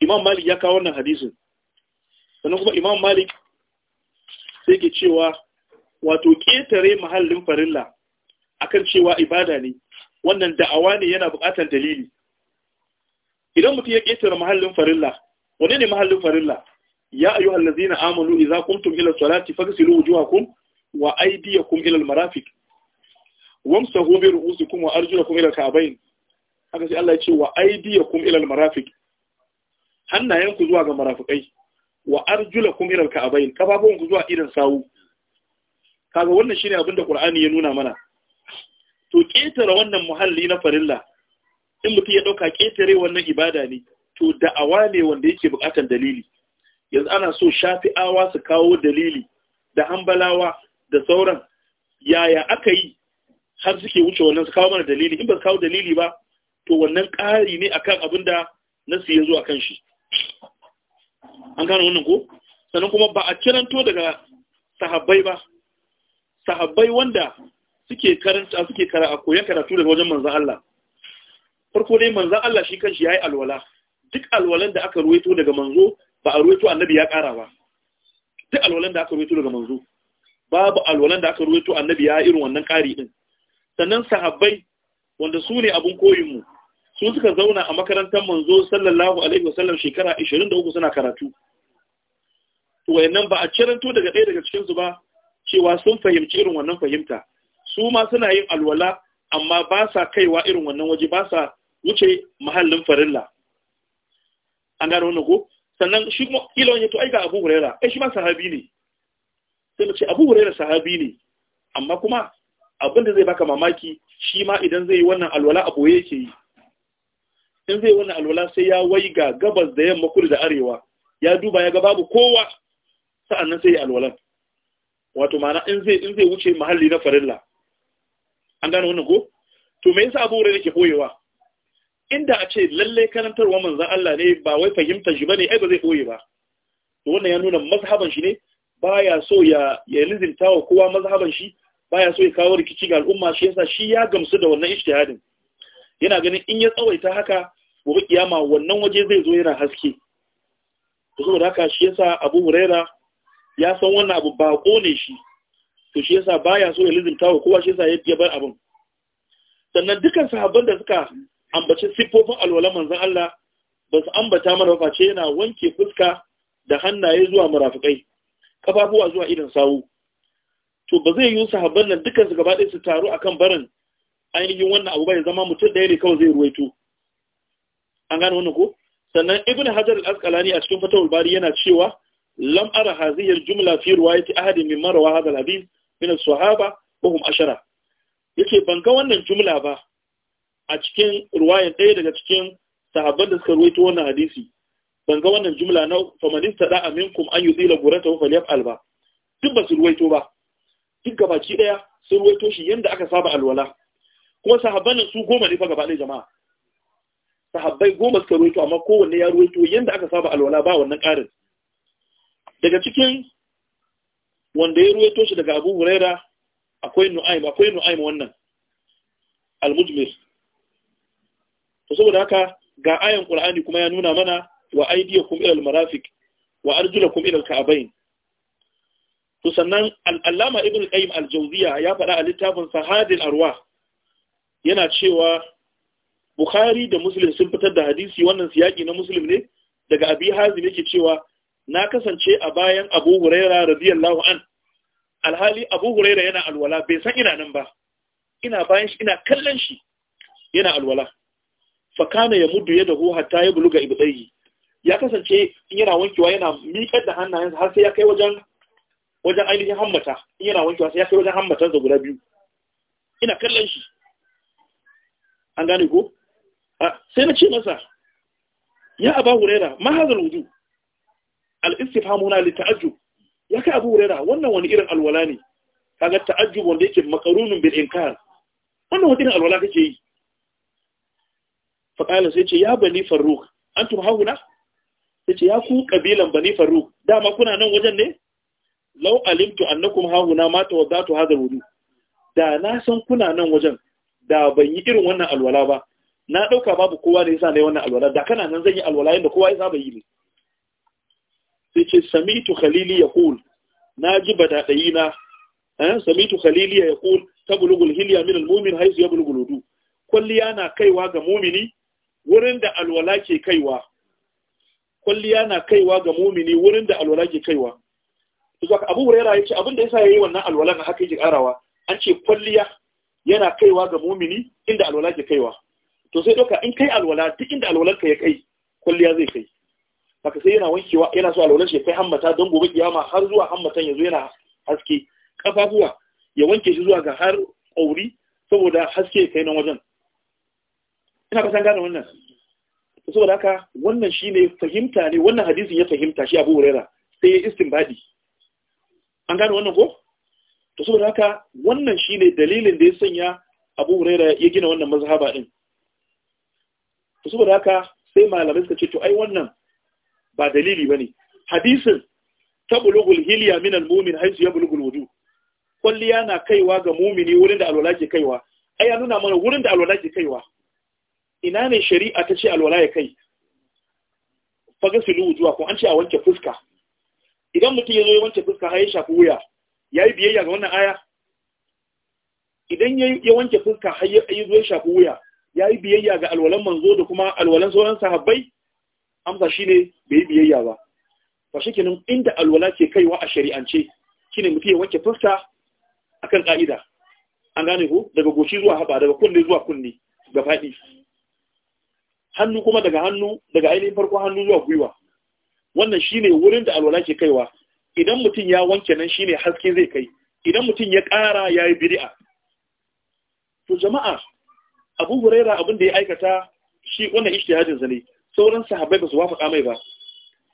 imam malik ya kawo wannan hadisin sannan kuma imam malik sai ke cewa wato ƙetare mahallin farilla akan cewa ibada ne wannan da'awa ne yana buƙatar dalili idan mutum ya ƙetare mahallin farilla wane ne mahallin farilla ya ayyuhal ladzina amanu idza qumtum ila salati faghsilu wujuhakum wa aydiyakum ila al marafiq wamsahu bi ru'usikum wa arjulakum ila al haka sai Allah ya ce wa aydiyakum ila al-marafiq ku zuwa ga marafikai wa kuma ila al-ka'bayn ku zuwa idan sawu kaga wannan shine abin da Qur'ani ya nuna mana to ketare wannan muhalli na farilla in mutum ya dauka ketare wannan ibada ne to da'awa ne wanda yake bukatar dalili yanzu ana so shafi'awa su kawo dalili da hanbalawa da sauran yaya aka yi har suke wuce wannan su kawo mana dalili in ba su kawo dalili ba to wannan ƙari ne akan abin da nasu ya zo kan shi an gane wannan ko sannan kuma ba a kiranto daga sahabbai ba sahabbai wanda suke karanta suke kara a koyan karatu daga wajen manzan Allah farko dai manzan Allah shi kanshi yayi alwala duk alwalan da aka ruwaito daga manzo ba a ruwaito annabi ya ƙara ba duk alwalan da aka ruwaito daga manzo babu alwalan da aka ruwaito annabi ya irin wannan ƙari din sannan sahabbai wanda su ne abin koyinmu su suka zauna a makarantar manzo sallallahu alaihi wasallam shekara 23 suna karatu to wayannan ba a ciranto daga ɗaya daga cikin su ba cewa sun fahimci irin wannan fahimta su ma suna yin alwala amma ba sa kaiwa irin wannan waje ba sa wuce mahallin farilla an gano wannan ko sannan shi kuma kila wani to ai ga Abu Huraira ai shi ma sahabi ne sai mu ce Abu Huraira sahabi ne amma kuma abin da zai baka mamaki shi ma idan zai yi wannan alwala a boye yake yi in zai wannan alwala sai ya waiga gabas da yamma kudu da arewa ya duba ya ga babu kowa sa'annan sai ya alwalan wato mana in zai in zai wuce mahalli na farilla an gane wannan ko to me yasa abu rai yake boyewa inda a ce lalle karantarwa manzon Allah ne ba wai fahimtar shi bane ai ba zai boye ba to wannan ya nuna mazhaban shi ne baya so ya ya lizinta wa kowa mazhaban shi baya so ya kawo rikici ga al'umma shi yasa shi ya gamsu da wannan ijtihadin yana ganin in ya tsawaita haka gobe kiyama wannan waje zai zo yana haske to saboda haka shi yasa Abu Huraira ya san wannan abu ko ne shi to shi yasa baya so ya lizinta wa kowa shi yasa ya bar abun sannan dukan sahabban da suka ambaci siffofin alwala manzon Allah ba su ambata mana face yana wanke fuska da hannaye zuwa murafikai kafafuwa zuwa idan sawu to ba zai yi sahabban nan dukkan su gaba ɗaya su taru a kan barin ainihin wannan abu ba ya zama mutum ɗaya ne kawai zai ruwaito an gane wannan ko sannan ibn hajar al-asqalani a cikin fatawul bari yana cewa lam ara hadhihi jumla fi riwayati ahadin min marwa hadha al-hadith min as-sahaba wa hum ashara yace ban ga wannan jumla ba a cikin ruwaya ɗaya daga cikin sahabban da suka ruwaito wannan hadisi ban ga wannan jumla na famanista da'a minkum an yudila gurata wa falyaf'al alba duk ba su ruwaito ba duk gabaki daya sun ruwaito shi yanda aka saba alwala kuma sahabban nan su goma ne fa gaba ɗaya jama'a sahabbai goma suka ruwaito amma kowanne ya ruwaito yanda aka saba alwala ba wannan ƙarin daga cikin wanda ya ruwaito shi daga Abu Huraira akwai nu'aim akwai nu'aim wannan al to saboda haka ga ayan Qur'ani kuma ya nuna mana wa aydiyakum ila al-marafiq wa arjulakum ila kabayn to sannan al'allama ibn qayyim al-jawziya ya faɗa a littafin sahadin arwa yana cewa bukhari da muslim sun fitar da hadisi wannan siyaki na muslim ne daga abi hazim yake cewa na kasance a bayan abu huraira radiyallahu an alhali abu huraira yana alwala bai san ina nan ba ina bayan shi ina kallon shi yana alwala fa ya muddu yadahu hatta ya buluga ibdayhi ya kasance in yana wankewa yana miƙar da hannayensa har sai ya kai wajen wajen ainihin hammata in yana wankewa sai ya kai wajen da guda biyu ina kallon shi an gane ko sai na ce masa ya abu hurera ma hazal wudu al-istifhamu na li ta'ajjub ya kai abu hurera wannan wani irin alwala ne kaga ta'ajju wanda yake makarunun bin inkar wannan wani irin alwala kake yi fa sai ce ya bani faruk. An antum hauna sai ce ya ku kabilan bani faruk. dama kuna nan wajen ne Lau alimtu annakum hahuna ma tawaddatu hadha wudu da na san kuna nan wajen da ban yi irin wannan alwala ba na dauka babu kowa da yasa nayi wannan alwala da kana nan zan yi alwala inda kowa yasa bai yi ne sai ce samitu khalili yaqul bada dai na eh samitu khalili yaqul tablugul hilya min almu'min haythu yablugul wudu kulliya na kaiwa ga mumini wurin da alwala ke kaiwa kulliya na kaiwa ga mumini wurin da alwala ke kaiwa zuwa abu huraira ya ce abin da yasa yayi wannan alwalan haka yake karawa an ce kwalliya yana kaiwa ga mumini inda alwala ke kaiwa to sai doka in kai alwala duk inda alwalar ka ya kai kwalliya zai kai haka sai yana wankewa yana so alwalar shi kai hammata don gobe kiyama har zuwa hammatan yanzu yana haske kafafuwa ya wanke shi zuwa ga har auri saboda haske kai nan wajen ina ka san gane wannan saboda haka wannan shine fahimta ne wannan hadisin ya fahimta shi Abu Huraira sai ya istinbadi an gane wannan ko to saboda haka wannan shine dalilin da ya sanya Abu Huraira ya gina wannan mazhaba din to saboda haka sai malamai suka ce to ai wannan ba dalili bane hadisin tablughul hilya min almu'min haythu yablughul wudu kulliya na kaiwa ga mumini wurin da alwala ke kaiwa ai ya nuna mana wurin da alwala ke kaiwa ina ne shari'a ta ce alwala ya kai fagasilu wujuwa ko an ce a wanke fuska idan mutum ya zo wanke fuska har ya shafi wuya ya yi biyayya ga wannan aya idan ya wanke fuska har ya zo ya shafi wuya ya yi biyayya ga alwalan manzo da kuma alwalan sauran sahabbai amsa shi ne bai yi biyayya ba shi kenan inda alwala ke kaiwa a shari'ance ne mutum ya wanke fuska akan ka'ida an gane ko daga goshi zuwa haɓa, daga kunne zuwa kunne ga faɗi hannu kuma daga hannu daga ainihin farko hannu zuwa gwiwa wannan shine wurin da alwala ke kaiwa idan mutum ya wanke nan shine haske zai kai idan mutum ya ƙara ya yi biri'a. to jama'a abu huraira abin da ya aikata shi wannan ijtihadin sa ne sauran sahabbai ba su wafaka mai ba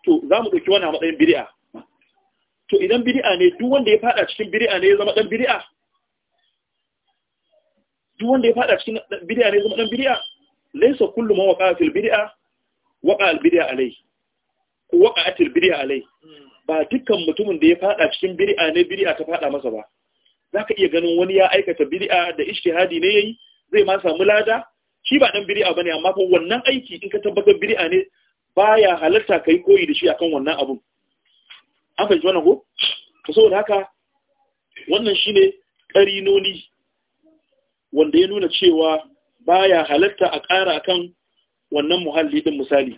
to za mu ɗauki a matsayin biri'a. to idan biri'a ne duk wanda ya faɗa cikin biri'a ne ya zama ɗan biri'a? duk wanda ya fada cikin biri'a, ne ya zama dan bid'a laysa kullu man waqa fil bid'a waqa alayhi waka atir biri alai ba dukkan mutumin da ya fada cikin biri'a ne biri'a ta fada masa ba za ka iya ganin wani ya aikata biri'a da hadi ne ya yi zai ma samu lada shi ba dan biri'a bane amma fa wannan aiki in ka tabbatar biri'a ne baya halarta yi koyi da shi akan wannan abun an fahimci wannan ko to saboda haka wannan shine karinoni wanda ya nuna cewa baya halarta a ƙara akan wannan muhalli din misali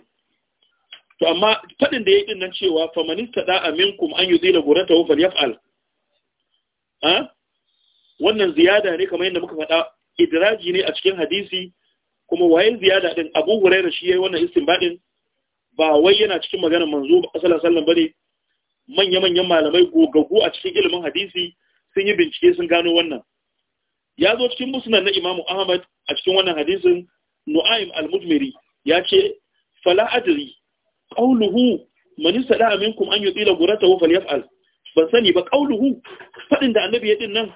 to amma fadin da ya yi nan cewa famanista da aminkum an yi zila gurata wa falyaf'al wannan ziyada ne kamar yadda muka faɗa idraji ne a cikin hadisi kuma waye ziyada din abu huraira shi yayi wannan istinbadin ba wai yana cikin maganar manzo sallallahu ba ne. manya-manyan malamai gogaggu a cikin ilimin hadisi sun yi bincike sun gano wannan ya zo cikin musnad na imamu ahmad a cikin wannan hadisin nu'aim al-mujmiri ya ce fala adri qauluhu man yusala minkum an yutila guratahu falyaf'al ban sani ba qauluhu Faɗin da annabi ya din nan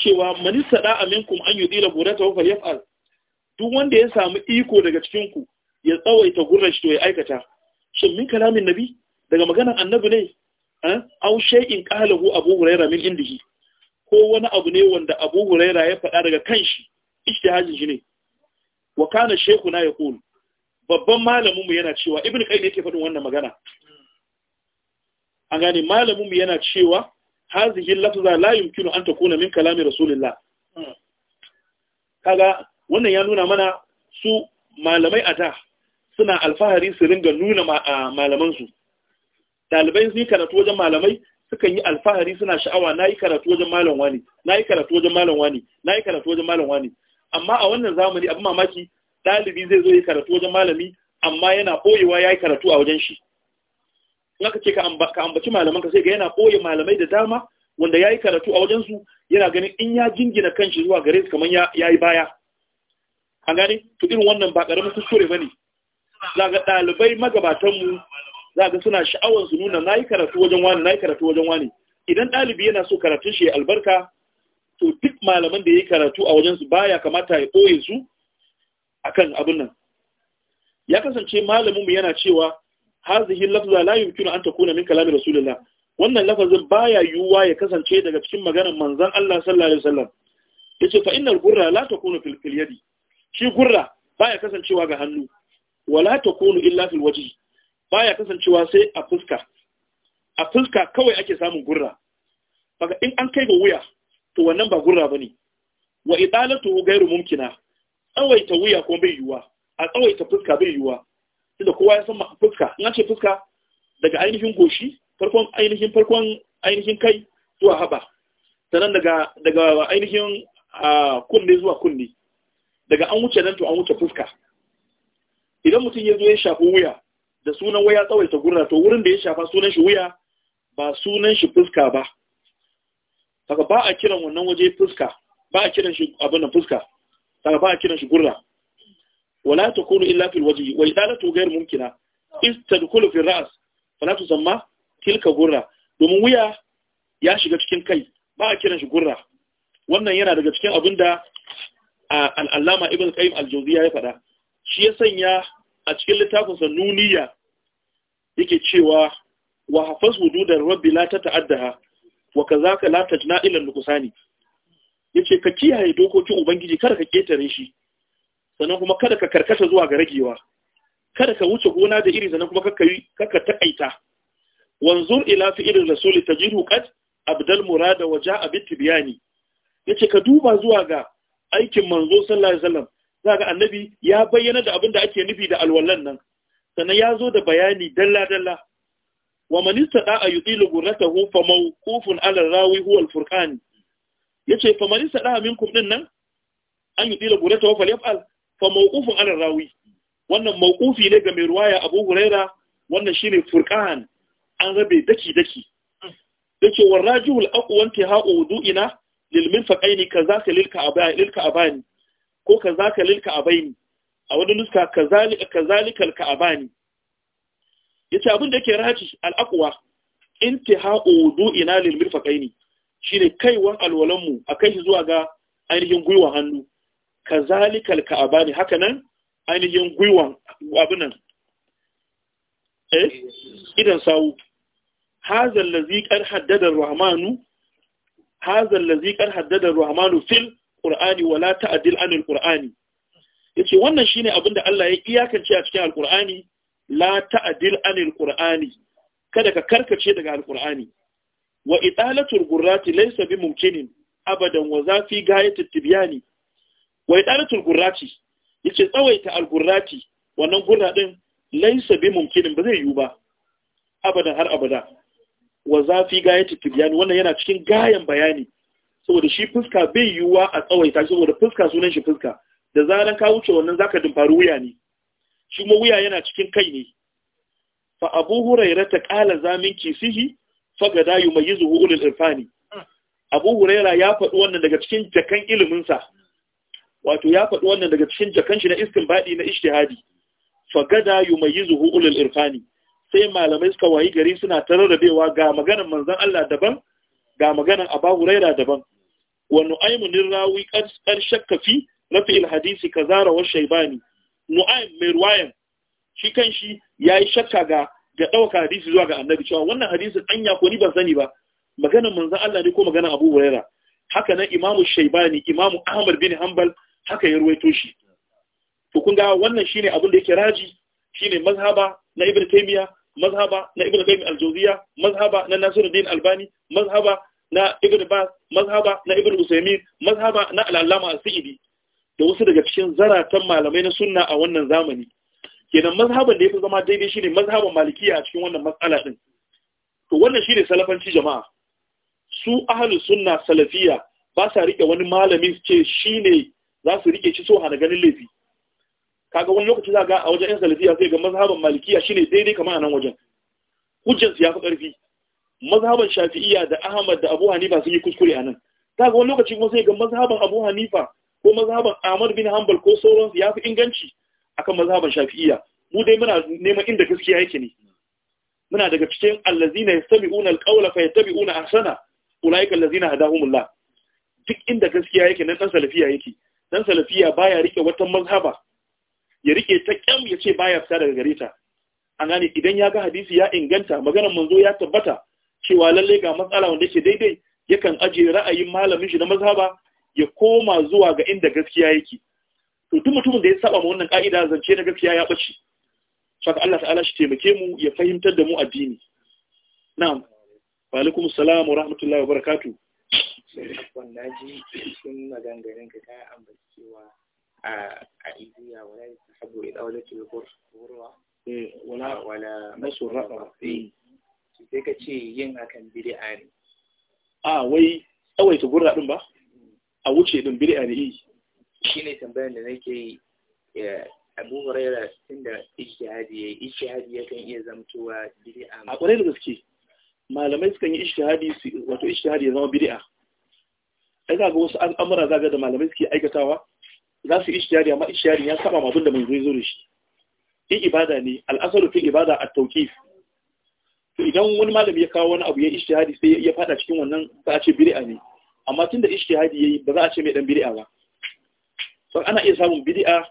cewa man yusala minkum an yutila guratahu falyaf'al duk wanda ya samu iko daga cikin ku ya tsawaita gurran shi to ya aikata shin min kalamin nabi daga maganar annabi ne au shay'in qalahu abu huraira min indihi ko wani abu ne wanda abu huraira ya faɗa daga kanshi ijtihadin shi ne wa kana shaykhuna yaqulu babban malaminmu yana cewa ibn qayyim yake faɗin wannan magana an gane malaminmu yana cewa hazihi lafza la yumkinu an takuna min kalami rasulillah kaga wannan ya nuna mana su malamai a da suna alfahari su ringa nuna malamansu Dalibai sun yi karatu wajen malamai sukan yi alfahari suna sha'awa na yi karatu wajen malam wani na karatu wajen malam wani na karatu wajen malam wani amma a wannan zamani abin mamaki Dalibi zai zo yi karatu wajen malami amma yana ɓoyewa ya yi karatu a wajen shi in aka ce ka ambaci ka sai ga yana ɓoye malamai da dama wanda ya yi karatu a wajen su, yana ganin in ya jingina kan shi zuwa gare su kamar ya yi baya an gane to irin wannan ba ƙaramin kuskure ba ne za ga ɗalibai magabatanmu za ga suna sha'awar su nuna na yi karatu wajen wani na yi karatu wajen wani idan ɗalibi yana so karatun shi albarka to duk malaman da ya yi karatu a wajen wajensu baya kamata ya ɓoye su akan abin nan ya kasance malamin mu yana cewa hazihi lafza la yumkinu an takuna min kalami rasulullah wannan lafazin baya yuwa ya kasance daga cikin maganar manzon Allah sallallahu alaihi wasallam yace fa innal gurra la takunu fil shi gurra baya kasancewa ga hannu wala takunu illa fil wajhi baya kasancewa sai a fuska a fuska kawai ake samun gurra kaga in an kai ga wuya to wannan ba gurra bane wa idalatu ghairu mumkinah tsawaita wuya kuma bai yiwuwa a tsawaita fuska bai yiwuwa tunda kowa ya san fuska in an ce fuska daga ainihin goshi farkon ainihin farkon ainihin kai zuwa haba sannan daga daga ainihin kunne zuwa kunne daga an wuce nan to an wuce fuska idan mutum ya zo ya shafi wuya da sunan waya tsawaita gurna to wurin da ya shafa sunan shi wuya ba sunan shi fuska ba haka ba a kiran wannan waje fuska ba a kiran shi abin fuska kaga ba a kiran shi gurra wala takunu illa fil wajhi wa idalatu ghayr mumkina istadkhulu fil ra's fala tusamma tilka gurra domin wuya ya shiga cikin kai ba a kiran shi gurra wannan yana daga cikin abinda al-allama ibn qayyim al-jawziya ya faɗa shi ya sanya a cikin littafin sa nuniya yake cewa wa hafaz hududar rabbi la tata'addaha wa kazaka la tajna ila nuqsani ya ka kiyaye dokokin ubangiji kada ka ƙetare shi sannan kuma kada ka karkata zuwa ga ragewa kada ka wuce gona da iri sannan kuma kakka taƙaita wanzur ila fi irin rasuli ta jiru kad abdal murada wa jaa bi tibyani yace ka duba zuwa ga aikin manzo sallallahu alaihi wasallam zaka annabi ya bayyana da abin da ake nufi da alwallan nan sannan ya zo da bayani dalla-dalla wa man da a yi tsilu gurnata hufa rawi huwal furkani Ya ce, fa man sada minkum din nan an yi dila gurata ya falyafal fa mawqufun ala rawi wannan mawqufi ne ga mai ruwaya Abu Huraira wannan shine furqan an rabe daki daki yace warajul aqwa intiha'u wudu'ina lil mirfaqaini kazaka lil ka'abaini lil ka'abaini ko kazaka lil ka'abaini a a wani nuska kazalika a al Ya ce, abin da ke yake raji al aqwa intiha'u wudu'ina lil mirfaqaini shine kaiwan alwalanmu a kai shi zuwa ga ainihin gwiwan hannu kazalikal ka'abani haka nan ainihin gwiwan abinan eh idan sawu hazal lazi kar haddada rahmanu hazal lazi kar haddada rahmanu fil qur'ani wala ta'dil an al-qur'ani yace wannan shine abinda Allah ya iyakance a cikin al-qur'ani la ta'dil an al-qur'ani kada ka karkace daga al-qur'ani wa idalatul gurrati laysa bi mumkinin abadan wa zafi gayatul tibyani wa idalatul gurrati yace tsawaita al-gurrati wannan gurra din laysa bi mumkinin ba zai yiwu ba abadan har abada wa zafi gayatul tibyani wannan yana cikin gayan bayani saboda shi fuska bai yiwuwa a tsawaita saboda fuska sunan shi fuska da zaran ka wuce wannan zaka dumfari wuya ne shi kuma wuya yana cikin kai ne fa abu huraira ta kala zamin kisihi fagada yumayyizuhu ulul irfani Abu Huraira ya faɗi wannan daga cikin jakan ilimin wato ya faɗi wannan daga cikin jakan shi na istinbadi na ijtihadi fagada yumayyizuhu ulul irfani sai malamai suka wayi gari suna tararrabewa ga maganar manzon Allah daban ga maganar Abu Huraira daban wa nu'aymun rawi qad shakka fi rafi hadisi kazara wa shaybani nu'aym mai ruwayan shi kanshi yayi shakka ga ga ɗauka hadisi zuwa ga annabi cewa wannan hadisin anya ko ni ban sani ba maganar manzon Allah ne ko maganin Abu Huraira haka nan Shaiba Shaybani imamu Ahmad bin Hanbal haka ya ruwaito shi to kun ga wannan shine abin da yake raji shine mazhaba na Ibn Taymiyyah mazhaba na Ibn Qayyim al-Jawziyya mazhaba na Nasiruddin Albani mazhaba na Ibn Bas mazhaba na Ibn Usaymin mazhaba na Al-Allama al saidi da wasu daga cikin zaratan malamai na sunna a wannan zamani kenan mazhaban da yafi zama daidai shine mazhaban malikiya a cikin wannan matsala din to wannan shine salafanci jama'a su ahlu sunna salafiya ba sa rike wani malamin su ce shine za su rike shi so hana ganin laifi kaga wani lokaci za ga a wajen yan salafiya sai ga mazhaban malikiya shine daidai kamar anan nan wajen hujjar su yafi karfi mazhaban shafi'iyya da ahmad da abu hanifa sun yi kuskure anan. kaga wani lokaci kuma sai ga mazhaban abu hanifa ko mazhaban ahmad bin hanbal ko sauransu fi inganci akan mazhaban shafi'iyya mu dai muna neman inda gaskiya yake ne muna daga cikin allazina yastabi'una alqawla fayattabi'una ahsana ulaika allazina hadahumullah duk inda gaskiya yake nan dan salafiya yake dan salafiya baya rike wata mazhaba ya rike ta kyam ya ce baya fita daga gare ta an gane idan ya ga hadisi ya inganta maganar manzo ya tabbata cewa lalle ga matsala wanda yake daidai yakan ajiye ra'ayin malamin shi na mazhaba ya koma zuwa ga inda gaskiya yake mutum mutumin da ya saba ma wannan ka'ida zance na gaskiya ya bace saka Allah ta'ala shi taimake mu ya fahimtar da mu addini na'am wa alaikum assalam wa rahmatullahi wa barakatuh wannan ji sun maganganun ka ta ambaci cewa a idiya wala tahabbu ila walatul qurwa wala wala masu rafa mm. sai ka ce yin hakan bid'a ne a wai tsawaita gurra din ba a wuce din bid'a ne eh. shine ne tambayar da nake yi abu huraira tun da ishihadi ya yi ishihadi ya kan iya zamtowa bid'a a ƙwarai da gaske malamai sukan yi ishihadi wato ishihadi ya zama biri'a. ai za ga wasu al'amura za ga da malamai suke aikatawa za su yi ishihadi amma ishihadi ya saba mabun da mai zo da shi in ibada ne al'asaru fi ibada a tawqif to idan wani malami ya kawo wani abu ya ishihadi sai ya fada cikin wannan za a ce biri'a ne amma tunda ishihadi yi, ba za a ce mai dan bid'a ba so ana iya samun bid'a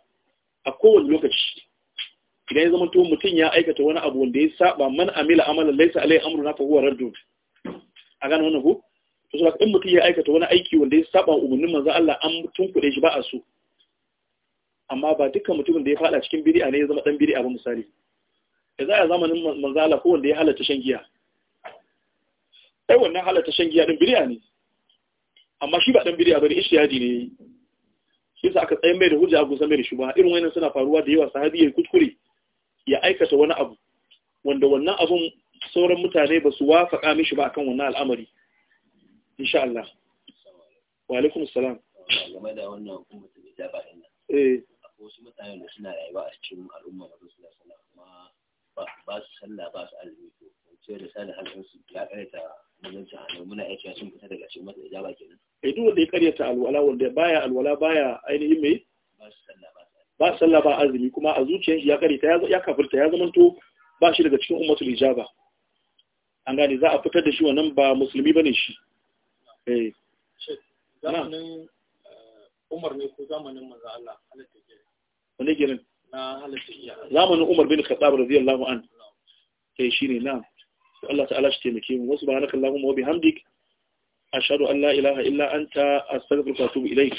a kowane lokaci idan ya zama to mutum ya aikata wani abu wanda ya saba man amila amalan laysa alai amru na huwa raddu a gane wannan ko to sai in mutum ya aikata wani aiki wanda ya saba umarnin manzo Allah an tunkuɗe shi ba a so amma ba dukkan mutumin da ya fada cikin bid'a ne ya zama dan bid'a ba misali idan za a zamanin manzo Allah ko wanda ya halatta shan giya ai wannan halatta shan giya din bid'a ne amma shi ba dan bid'a bane ishiyadi ne shi yasa aka tsayin mai da hujja abu zama da ba irin wani suna faruwa da yawa sahabi ya kuskure ya aikata wani abu wanda wannan abun sauran mutane ba su wafaka mishi ba akan wannan al'amari insha Allah wa alaikum salam game da wannan hukumar da ba din eh akwai wasu mutane da suna rayuwa a cikin al'umma da su sallah kuma ba su sallah ba su azumi to sai da sallah halin su ya kaita manzanci a muna iya cewa sun fita daga cikin masa ijaba kenan eh duk wanda ya karyata alwala wanda baya alwala baya ainihin mai ba su sallah ba azumi kuma a zuciyar shi ya karyata ya kafirta ya zama to ba shi daga cikin ummatul ijaba an gane za a fitar da shi wannan ba musulmi bane shi eh zamanin eh, Umar ne ko zamanin manzo Allah halatta ke wani girin na halatta iya zamanin Umar bin Khattab radiyallahu anhu eh shine na'am Allah ta'ala shi taimake mu wasu subhanaka allahumma wa bihamdik ashhadu an la ilaha illa anta astaghfiruka wa atubu ilaik